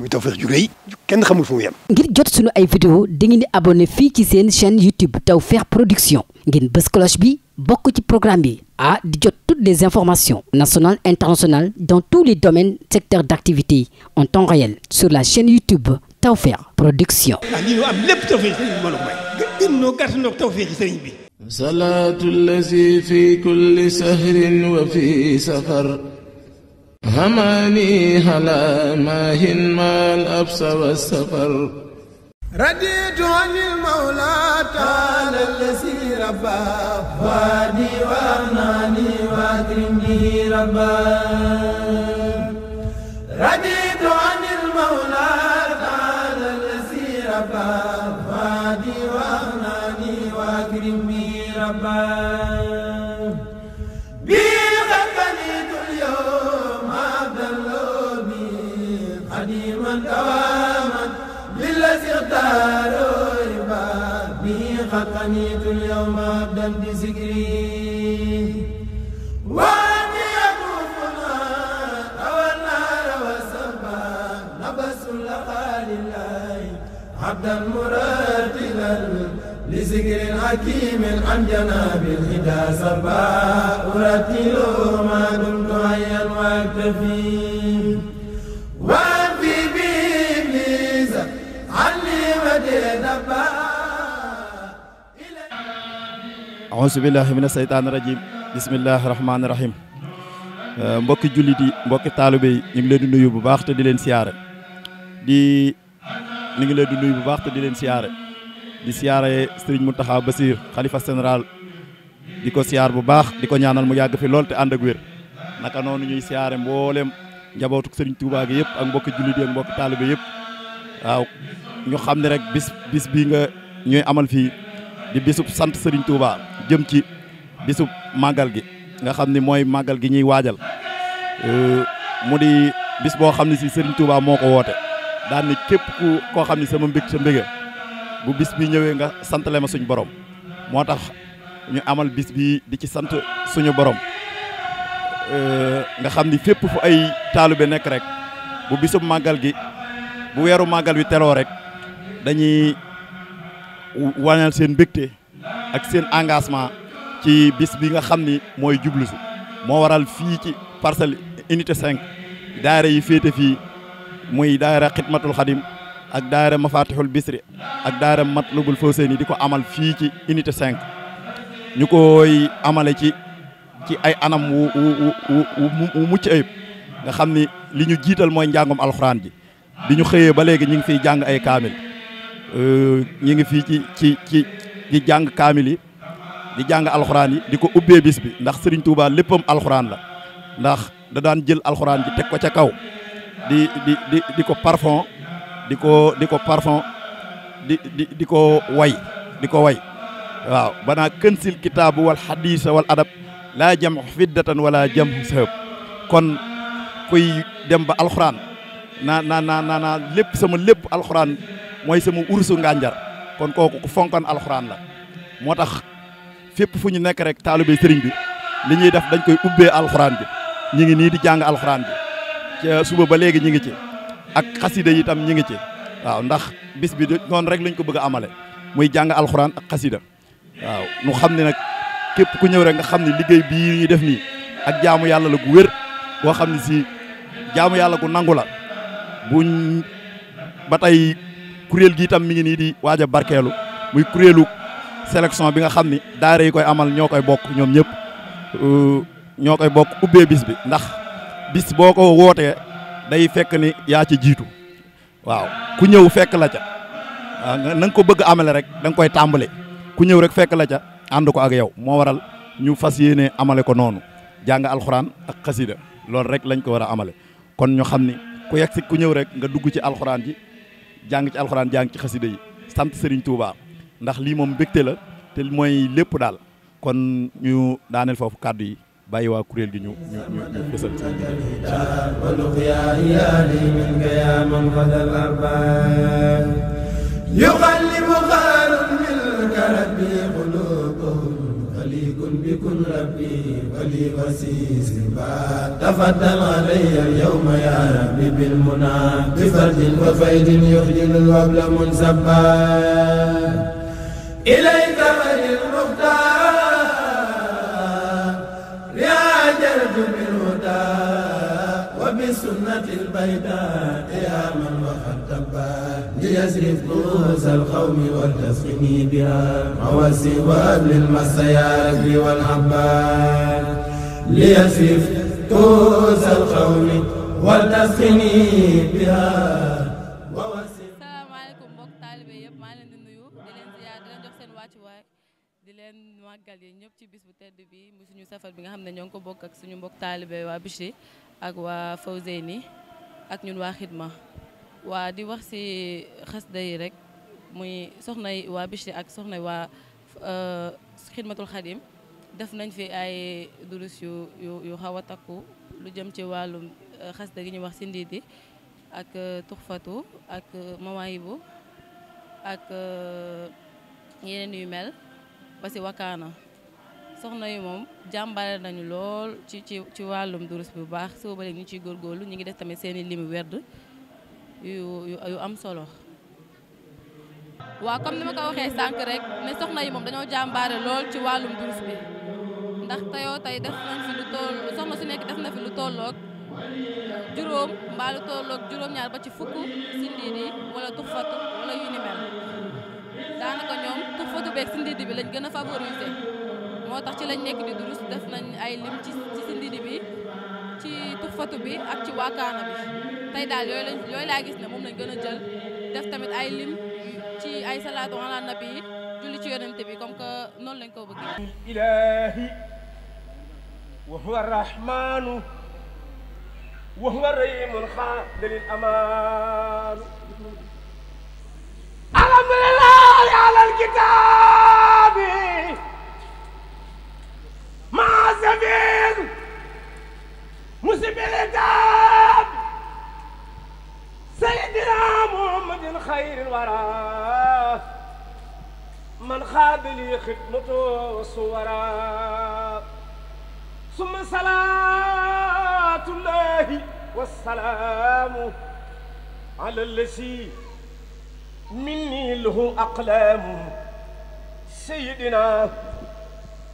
muy Tawfekh ju rëy kenn xamul fu mu jot sunu ay bi bokk ci programme bi ah di jot toutes les informations nationales internationales dans tous les domaines secteurs d'activité en temps réel sur la chaîne YouTube Tawfekh Production. ah lii ñu am lépp Tawfekh sëriñ bi mbooloo mooy. gën gën ñoo gàtt ñoo Tawfekh sëriñ bi. salaatu lazi fi kulli sahrin wa fi safar. هماني هلا ماهن ما الأبس والسفر رديت عن المولى تعالى الذي ربى وادي وأغناني وأكرم به ربى رديت عن المولى تعالى الذي ربى وادي وأغناني وأكرم به ربى فأنيت اليوم عبدا بذكري وأن يطوفنا أو النار والسماء نبس لقى لله عبدا مرتلا لذكر حكيم عن جناب الهدى سربا أرتل ما دمت حيا وأكتفي auzu billahi mina seytaani rajim bismillahi rahmaani rahim euh, mbokki jullit yi mbokki taalibe yi ñu ngi leen di nuyu bu baax te di leen siyaare di ngi leen di nuyu bu baax di leen siyaare di siyaare Serigne Mountakha Bassir xalifa général di ko siyaar bu baax di ko ñaanal mu yàgg fi lool te ànd ak wér naka noonu ñuy siyaare mboolem njabootu Serigne Touba gi yëpp ak mbokki jullit yi ak mbokki taalibe yëpp waaw ñu xam ne rek bis bii nga ñooy amal fii. di bisub sant Serigne Touba jëm ci bisub màggal gi nga xam ni mooy màggal gi ñuy waajal euh, mu di bis boo xam ne si Serigne tuubaa moo ko woote daan ni képp ku koo xam ne sama mbég sa mbége bu bis bi ñëwee nga santale ma suñ borom moo tax ñu amal bis bi di ci sant suñu borom euh, nga xam ni fépp fu ay taalibe nekk rek bu bisub màggal gi bu weeru màggal wi teroo rek dañuy waneel seen mbégte ak seen engagement ci bis bi nga xam ni mooy jublu moo waral fii ci parcelle unité cinq daayira yi féete fii muy daayira xidmatul xadim ak daayira mafatihul bisri ak daayira matlubul fawseyni di ko amal fii ci unité cinq ñu koy amale ci ci ay anam wu wu mucc ayib nga xam ni li ñu jiital mooy njàngum alxuraan ji di ñu xëyee ba léegi ñu ngi fiy jàng ay kaamil Euh, ñu ngi fii ci ci ci di jàng kaamil yi di jàng alxuraan yi di ko ubbee bis bi ndax Serigne Touba léppam alxuraan la ndax da daan jël alxuraan ji teg ko ca kaw di di di di ko parfum di ko di ko parfum di di di ko way di ko way waaw banaa kënsil kitaabu wal xadiisa wal adab laa jam fiddatan wala jam sëb kon kuy dem ba alxuraan naa naa naa naa lépp sama lépp alxuraan mooy sama ursu ngànjar kon kooku ku fonkan alxuraan la moo tax fépp fu ñu nekk rek taalibe sëriñ bi li ñuy def dañ koy ubbee alxuraan bi ñu ngi nii di jàng alxuraan bi ca suba ba léegi ñu ngi ci ak xasida yi tam ñu ngi ci waaw ndax bis bi noonu rek lañ ko bëgg amale muy jàng alxuraan ak xasida waaw nu xam ne nag képp ku ñëw rek nga xam ni liggéey bii ñuy def nii ak jaamu yàlla la gu wér boo xam ne si jaamu yàlla gu nangu la buñ ba tey kuréel gi itam mi ngi nii di waaj a barkeelu muy kuréelu sélection bi nga xam ni daara yi koy amal ñoo koy bokk ñoom ñëpp euh, ñoo koy bokk ubbee bis bi ndax bis boo ko wootee day fekk ni yaa ci jiitu waaw ku ñëw fekk la ca waaw ah, ko bëgg amale rek da koy tàmbale ku ñëw rek fekk la ca ànd ko ak yow moo waral ñu fas yéene amale ko noonu jàng alxuraan ak xasida loolu rek lañ ko war a amale kon ñu xam ni ku yegg si ku ñëw rek nga dugg ci alxuraan ji jàng ci alxuraan jàng ci xasida yi sant Serigne Touba ndax lii moom mbégte la te mooy lépp daal kon ñu daaneel foofu kàddu yi bàyyi waa kuréel gi ñu ñu ñu ñu fësal seen ولي كن بكن ربي ولي وسيس تفضل علي اليوم يا ربي بالمنى بفرد وفيد يخجل الوبل منسبا إليك ولي السنة البيداء يا من وقد تبا ليسرف نوز القوم والتسقني بها مواسي وابل السيارك والعباد ليسرف كوز القوم والتسقني بها di leen màggal yi ñëpp ci bis bu tedd bi mu suñu safar bi nga xam ne ñoo ngi ko bokk ak suñu mbokk taalibe waa Bichri ak waa Fawzeyni ak ñun waa Xidma waa di wax si xasida yi rek muy soxnay waa Bichri ak soxnay waa euh, Xidmatul Xadim def nañ fi ay durus yu xaw a takku lu jëm ci wàllum euh, xasida gi ñuy wax si ndiidi ak euh, tuxfatu ak mawaayibu ak yeneen yu mel ba si wakaana soxna yi moom jàmbaare nañu lool ci ci ci wàllum durus bu baax soo bari ñu ciy góorgóorlu ñu ngi def tamit seeni i werd yu yu am solo. waa comme ni ma ko waxee sànq rek ne soxna yi moom dañoo jàmbaare lool ci wàllum durus bi ndax teyoo tey def nañ fi nekk def na fi lu tolloog juróom mbaa lu tolloog juróom-ñaar ba ci fukk sindiidi wala tuxfatu wala yu ni mel daanaka ñoom tuxfatu beeg sindiidi bi lañ gën a favoriser. moo tax ci lañ nekk di durus def nañ ay lim ci ci sindidi bi ci tuffatu bi ak ci waakaana bi tey daal yooyu laa gis ne moom lañ gën a jël def tamit ay lim ci ay salaatu ala nabi julli ci yonente bi comme que noonu lañ ko bëggee ilahi wa huwa rahmanu wa huwa rahimun xaalilil amaanu alhamdulillahi alal kitaabi sabil musibili daab sayidina muhammadin xayril wara man xaadali xidmato suwara summa salaatullahi wasalaamu ala lasi minni lahu aqlaamu sayidina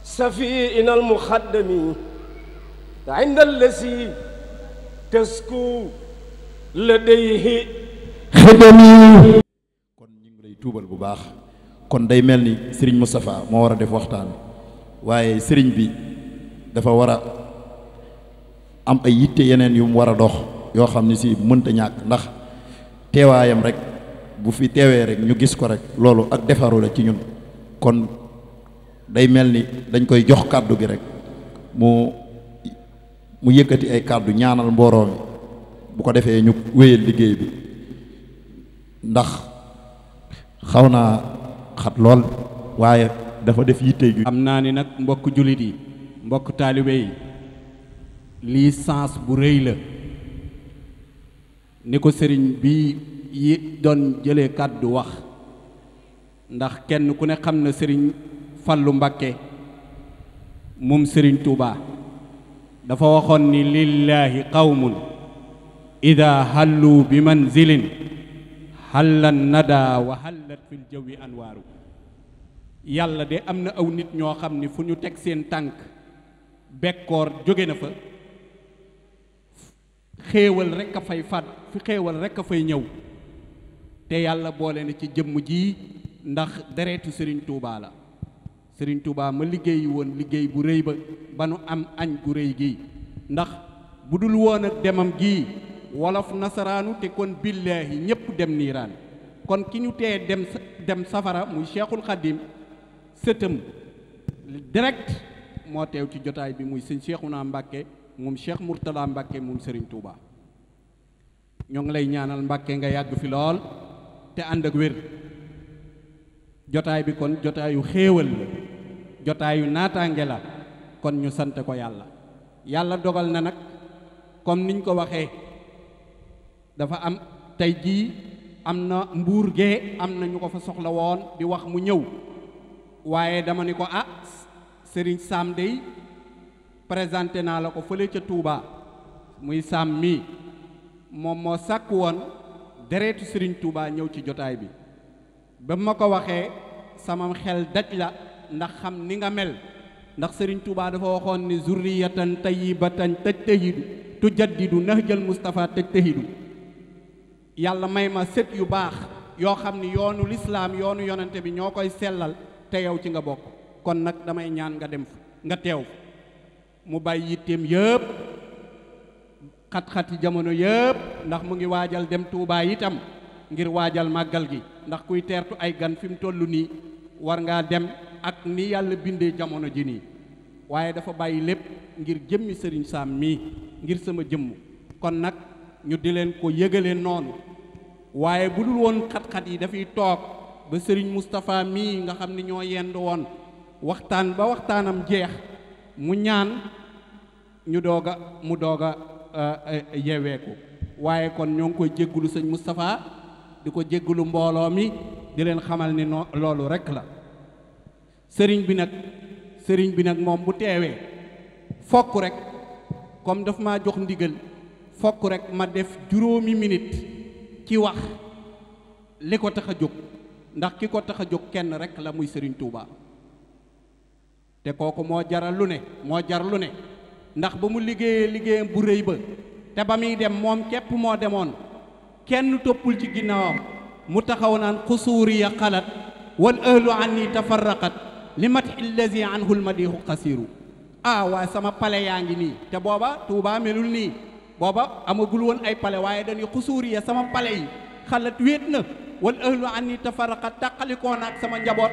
سفيئنا المخدم عند الذي تسكو لديه خدمي kon ñu ngi lay tuubal bu baax kon day mel ni Serigne Moustapha moo war a def waxtaan waaye Serigne bi dafa war a am ay yitte yeneen yu mu war a dox yoo xam ne si mënta ñàkk ndax teewaayam rek bu fi teewee rek ñu gis ko rek loolu ak defaru la ci ñun kon day mel ni dañ koy jox kàddu gi rek mu mu yëkkati ay kàddu ñaanal mbooroo mi bu ko defee ñu wéyal liggéey bi ndax xaw naa xat lool waaye dafa def yitte ju am naa ni nag mbokk jullit yi mbokk taalibe yi lii sens bu rëy la ni ko sëriñ bi yi doon jëlee kàddu wax ndax kenn ku ne xam na sëriñ Fallu Mbakke moom Sëriñ Tuuba dafa waxoon ni lillaahi qawmun ida hallu bi manzilin hallan nada wa hallat fil jawi anwaaru yàlla de am na aw nit ñoo xam ni fu ñu teg seen tànk bekkoor jóge na fa xéewal rekk a fay fat fi xéewal rekk a fay ñëw te yàlla boole na ci jëmm ji ndax deretu Sëriñ Tuuba la sëriñ Touba ma liggéey woon liggéey bu rëy ba ba nu am añ gu rëy gii ndax bu dul woon ak demam gii wolof nasaraanu te kon billaahi ñépp dem niiraan kon ki ñu tee dem dem safara muy cheikhul xadim sëtam direkt moo teew ci jotaay bi muy sëñ naa Mbacke moom Cheikh Mourtala Mbacke moom sëriñ Touba ñoo ngi lay ñaanal Mbacke nga yàgg fi lool te ànd ak wér jotaay bi kon jotaayu xéewal la jotaayu naataange la kon ñu sant ko yàlla yàlla dogal na nag kon niñ ko waxee dafa am tey jii am na mbuur gee am na ñu ko fa soxla woon di wax mu ñëw waaye dama ni ko ah sëriñ Sam dey présenté naa la ko fële ca Touba muy Sam mii moom moo sàkk woon deretu sëriñ Touba ñëw ci jotaay bi ba ma ko waxee sama xel daj la ndax xam ni nga mel ndax sëriñ Touba dafa waxoon ni zurriyatan tayyibatan tajtahidu tujaddidu nahjal Mustafa tajtahidu yàlla may ma set yu baax yoo xam ni yoonu lislaam yoonu yonente bi ñoo koy sellal te yow ci nga bokk kon nag damay ñaan nga dem fa nga teew mu bàyyi yitteem yëpp xat-xati jamono yëpp ndax mu ngi waajal dem tuubaa yi tam ngir waajal màggal gi ndax kuy teertu ay gan fi mu toll nii war ngaa dem ak ni yàlla bindee jamono ji nii waaye dafa bàyyi lépp ngir jëmmi sëriñ Sam mii ngir sama jëmm kon nag ñu di leen ko yëgale noonu waaye bu dul woon xat-xat yi dafay toog ba sëriñ Moustapha mii nga xam ni ñoo yend woon waxtaan ba waxtaanam jeex mu ñaan ñu doog mu doog a yeweeku waaye kon ñoo ngi koy jéggulu sëñ Moustapha di ko jéggulu mbooloo mi di leen xamal ni noo loolu rekk la sëriñ bi nag sëriñ bi nag moom bu teewee fokk rek comme dafa maa jox ndigal fokk rek ma def juróomi minit ci wax li ko tax a jóg ndax ki ko tax a jóg kenn rek la muy sëriñ Touba te kooku moo jaralu ne moo jaralu ne ndax ba mu liggéeyee liggéeyam bu rëy ba te ba muy dem moom képp moo demoon kenn toppul ci ginnaawam mu taxaw naan xusuuriya xalat wal ahlu an ni tafarraqat li mat illazi anhu lmadihu qasiru ah waaye sama pale yaa ngi nii te booba Touba melul nii booba amagul woon ay pale waaye dañuy xusuuriya sama pale yi xalat wéet na wal ahlu anni tafaraqa tàqalikoo naak sama njaboot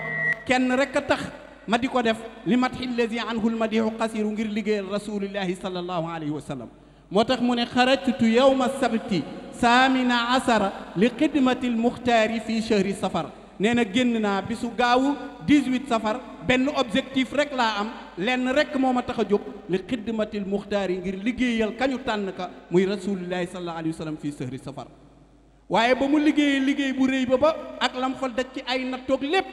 kenn rek a tax ma di ko def li mat illazi anhu lmadihu qasiru ngir liggéeyal rasulillahi sallallahu alayhi wa sallam moo tax mu ne xarajtu yowma sabti saamina asara li xidmati lmuxtaari fi chahri safar nee na génn naa bisu gaawu 18 safar benn objectif rek laa am lenn rek moo ma tax a jóg li xidmatil muxtaar yi ngir liggéeyal kañu tànn ka muy rasulillahi sallallahu alayhi wa sallam fii sëhri safar waaye ba mu liggéeye liggéey bu rëy ba ba ak lam fa daj ci ay nattoog lépp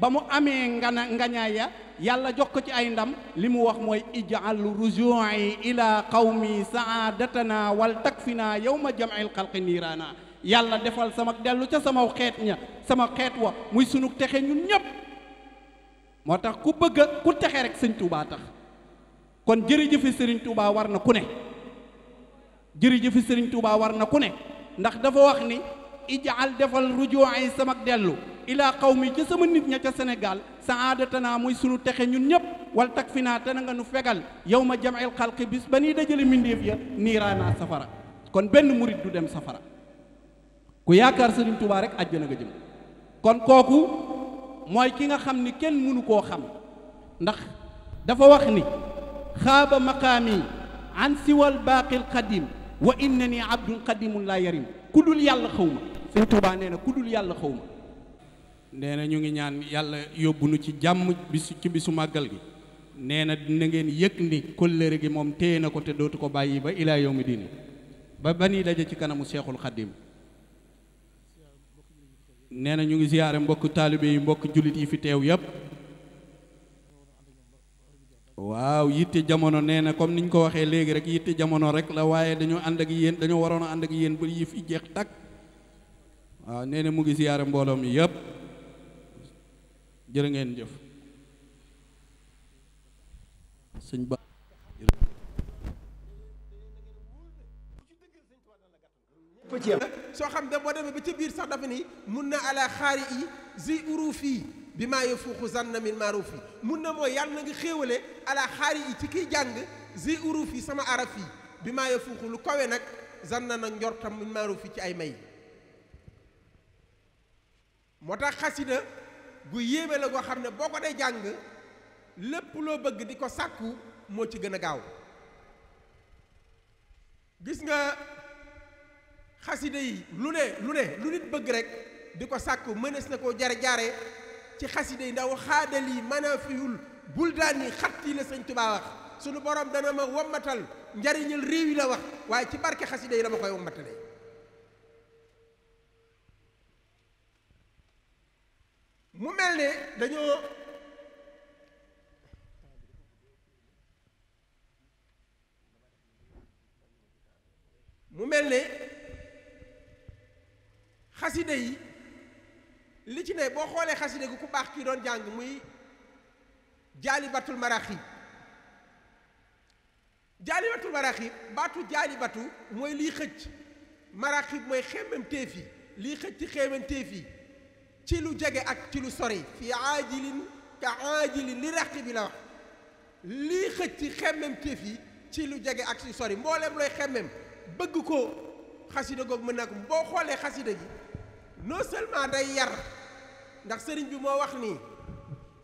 ba mu amee ngana ya yàlla jox ko ci ay ndam li mu wax mooy ijal ruju'i ila qawmi saadatana wal takfina yawma jam'il xalqi niiraana yàlla defal sama dellu ca sama xeet ña sama xeet wa muy sunu texe ñun ñëpp moo tax ku bëgg a ku texe rek sëñ Touba tax kon jërëjëfi sëriñ Touba war na ku ne jërëjëfi sëriñ Touba war na ku ne ndax dafa wax ni ijaal defal rujuwaay sama dellu ilaa xaw mi ca sama nit ña ca Sénégal saadatana muy sunu texe ñun ñëpp wal tag fi naa te na nga nu fegal yow ma jamil xalqi bis ba nuy dajale mindéef ya niiraanaa safara kon benn murit du dem safara ku yaakaar sëriñ Touba rek àjjana nga jëm kon kooku mooy ki nga xam ni kenn mënu koo xam ndax dafa wax ni xaaba maqaami an siwal baaqil qadim wa na ni abdun qadimun laa yarim ku dul yàlla xaw ma sëñ Tuubaa nee na ku dul yàlla xaw ma nee na ñu ngi ñaan yàlla yóbbu nu ci jàmm bi bisu ci bisu màggal gi nee na dina ngeen yëg ni kóllëre gi moom téye na ko te dootu ko bàyyi ba ilaa yawmi diini ba ba nii daje ci kanamu seexul xaddim nee na ñu ngi ziyaare mbokk taalibe yi mbokk jullit yi fi teew yépp waaw yitte jamono nee na comme niñ ko waxee léegi rek yitte jamono rek la waaye dañoo ànd ak yéen dañoo waroon a ànd ak yéen ba yi fi jeex takk waaw nee na mu ngi ziyaare mbooloo mi yépp jërë ngeen jëf sëñ ñëpp ci soo xam da boo demee ba ca biir sax dafa ni mun na ala xaari yi zi urufi bi maa yafuuxu zanna min maarufi mun na moo yàlla na nga xéewale ala xaari yi ci kiy jàng zi urufi sama araf yi bi maa yafuuxu lu kawe nag zanna nag njortam min maarufi ci ay may moo tax xasida gu yéeme la goo xam ne boo ko dee jàng lépp loo bëgg di ko sàkku moo ci gën a gaaw gis nga xasida yi lu ne lu ne lu nit bëgg rekk di ko sàkk mënees na ko jare jaare ci xasida yi ndaw xaadal yi manafihul buldaan yi xat yi la sëñ Tuubaa wax sunu borom dana ma wammatal njariñul réew yi la wax waaye ci barke xasida yi la ma koy wammatale mel ne mu mel ne xaside yi li ci ne boo xoolee xaside gu ku baax kii doon jàng muy jaalibatul maraaxib jaalibatul maraaxib baatu jaalibatu mooy lii xëcc maraaxib mooy xemmem téef yi liy xëcc xemmem téef yi ci lu jege ak ci lu sori fi aajilin ka aajilin li raqi la lii xëcc xemmem téef yi ci lu jege ak ci sori mbooleem looy xemmem bëgg ko xasida kooku mën naa boo xoolee xasida gi non seulement day yar ndax sëriñ bi moo wax ni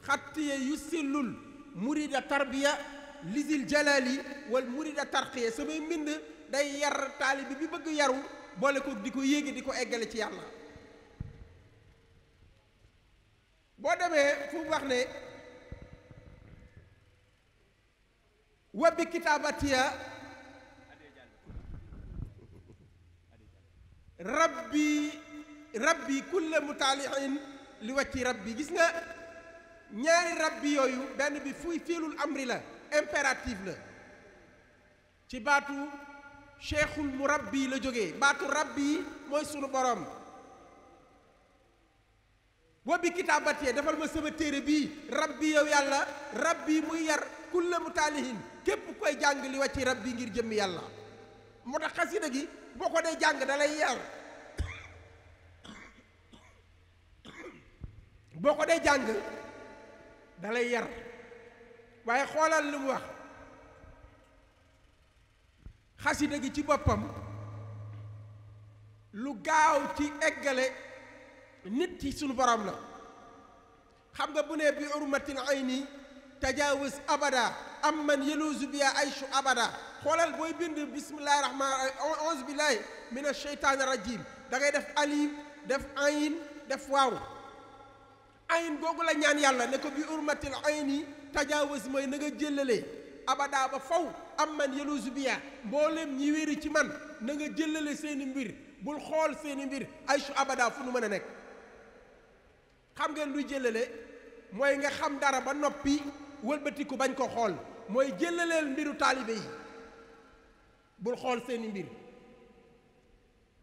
xattiye yu sillul murida tarbiya lisil jalali wal murida tarqiya samay mbind day yar taalibi bi bëgg yaru boole ko di ko yéegi di ko eggale ci yàlla boo demee fu wax ne wa kitaabatiya rabbi rab bi kulla mutaaliin li wàcci bi gis nga ñaari rabbi yooyu benn bi fuy fiilul amri la impératif la ci baatu cheikhul murabbi la jógee baatu bi mooy sunu borom wa bi kitaabatee defal ma sama téere bii rabbi yow yàlla rab rabbi muy yar kulla mutaalihin képp koy jàng li wàcci bi ngir jëmm yàlla moo tax xasida gi boo ko dee jàng da yar boo ko dee jàng dalay yar waaye xoolal li mu wax xasida gi ci boppam lu gaaw ci eggale nit ci sunu borom la xam nga bu ne bi urmatin ayni tajaawuz abada am man yeluusu biya ayshu abada xoolal booy bind bismillahi rahmaan onze billahi min asheytaani rajiim da def alif def ayin def waaw ayin googu la ñaan yàlla ne ko bi urmatil ayni tajaawus mooy na nga jëllalee abadaa ba faw am man yelusu biya mboolem ñi wéri ci man nanga nga jëllale seeni mbir bul xool seeni mbir aysu abada fu nu mën a nekk xam ngeen luy jëlale mooy nga xam dara ba noppi wëlbatiku bañ ko xool mooy jëllaleel mbiru taalibe yi bul xool seeni mbir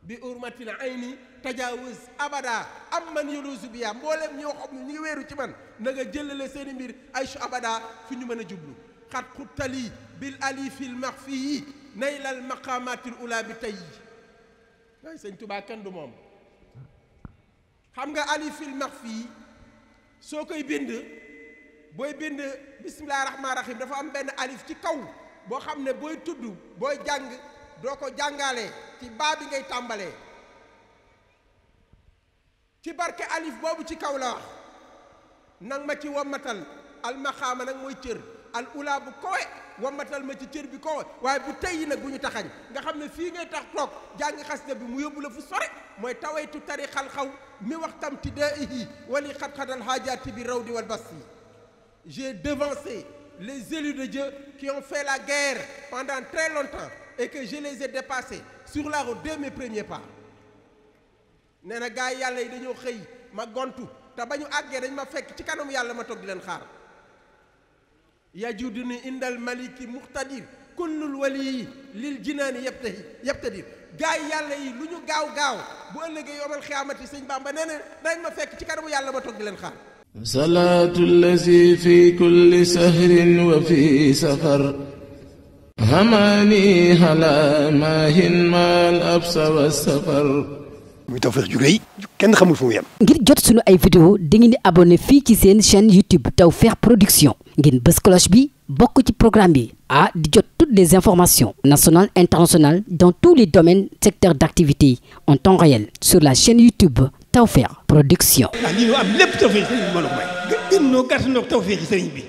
bi ay ayni tajaawuz abada am man yolosu biya mboolem ñoo xam ñu ngi weeru ci man na nga jëlale seen i mbir aysu abada fu ñu mën a jublu xat xuttali bil alifil maxfiyi naylal maqamatil ula bi tey waaye sëñ Tubaa kenn du moom xam nga alifil maxfiyi soo koy bind booy bind bismillahi rahmaani rahim dafa am benn alif ci kaw boo xam ne booy tudd booy jàng doo ko jàngaale ci baa bi ngay tàmbalee ci barke alif boobu ci kaw la wax nang ma ci wammatal almaxaama nag mooy cër al ula bu kowe wammatal ma ci cër bi kowe waaye bu tey nag bu ñu taxañ nga xam ne fii ngay tax toog jàngi xasida bi mu yóbbu la fu sore mooy tawaytu tarixal xaw mi waxtam ti daa ihi wali xat-xatal haajaati bi raw di wal bas yi j'ai devancé les élus de Dieu qui ont fait la guerre pendant très et que je les ai dépassés sur la route de mes na gars yàlla yi dañoo xëy ma gontu te ba ñu àggee dañ ma fekk ci kanam yàlla ma toog di leen xaar yajuduni indal maliki muqtadir kullul waliyi lil jinaani yabtahi yabtadir gars yi yàlla yi lu ñu gaaw gaaw bu ëllëgee yomal xiyaamati sëñ Bamba ba na dañ ma fekk ci kanamu yàlla ma toog leen xaar salaatu llazi fi kulli sahrin wa fi safar hamani ma mahin mal absa wa safar muy Tawfekh ju kenn xamul fu mu yem ngir jot sunu ay vidéo dangeen di abonné fii ci seen chaîne YouTube Tawfekh Production ngeen bës cloche bi bokk ci programme bi ah di jot toutes des informations national internationales dans tous les domaines secteurs d'activité en temps réel sur la chaine YouTube Tawfekh Production. ah lii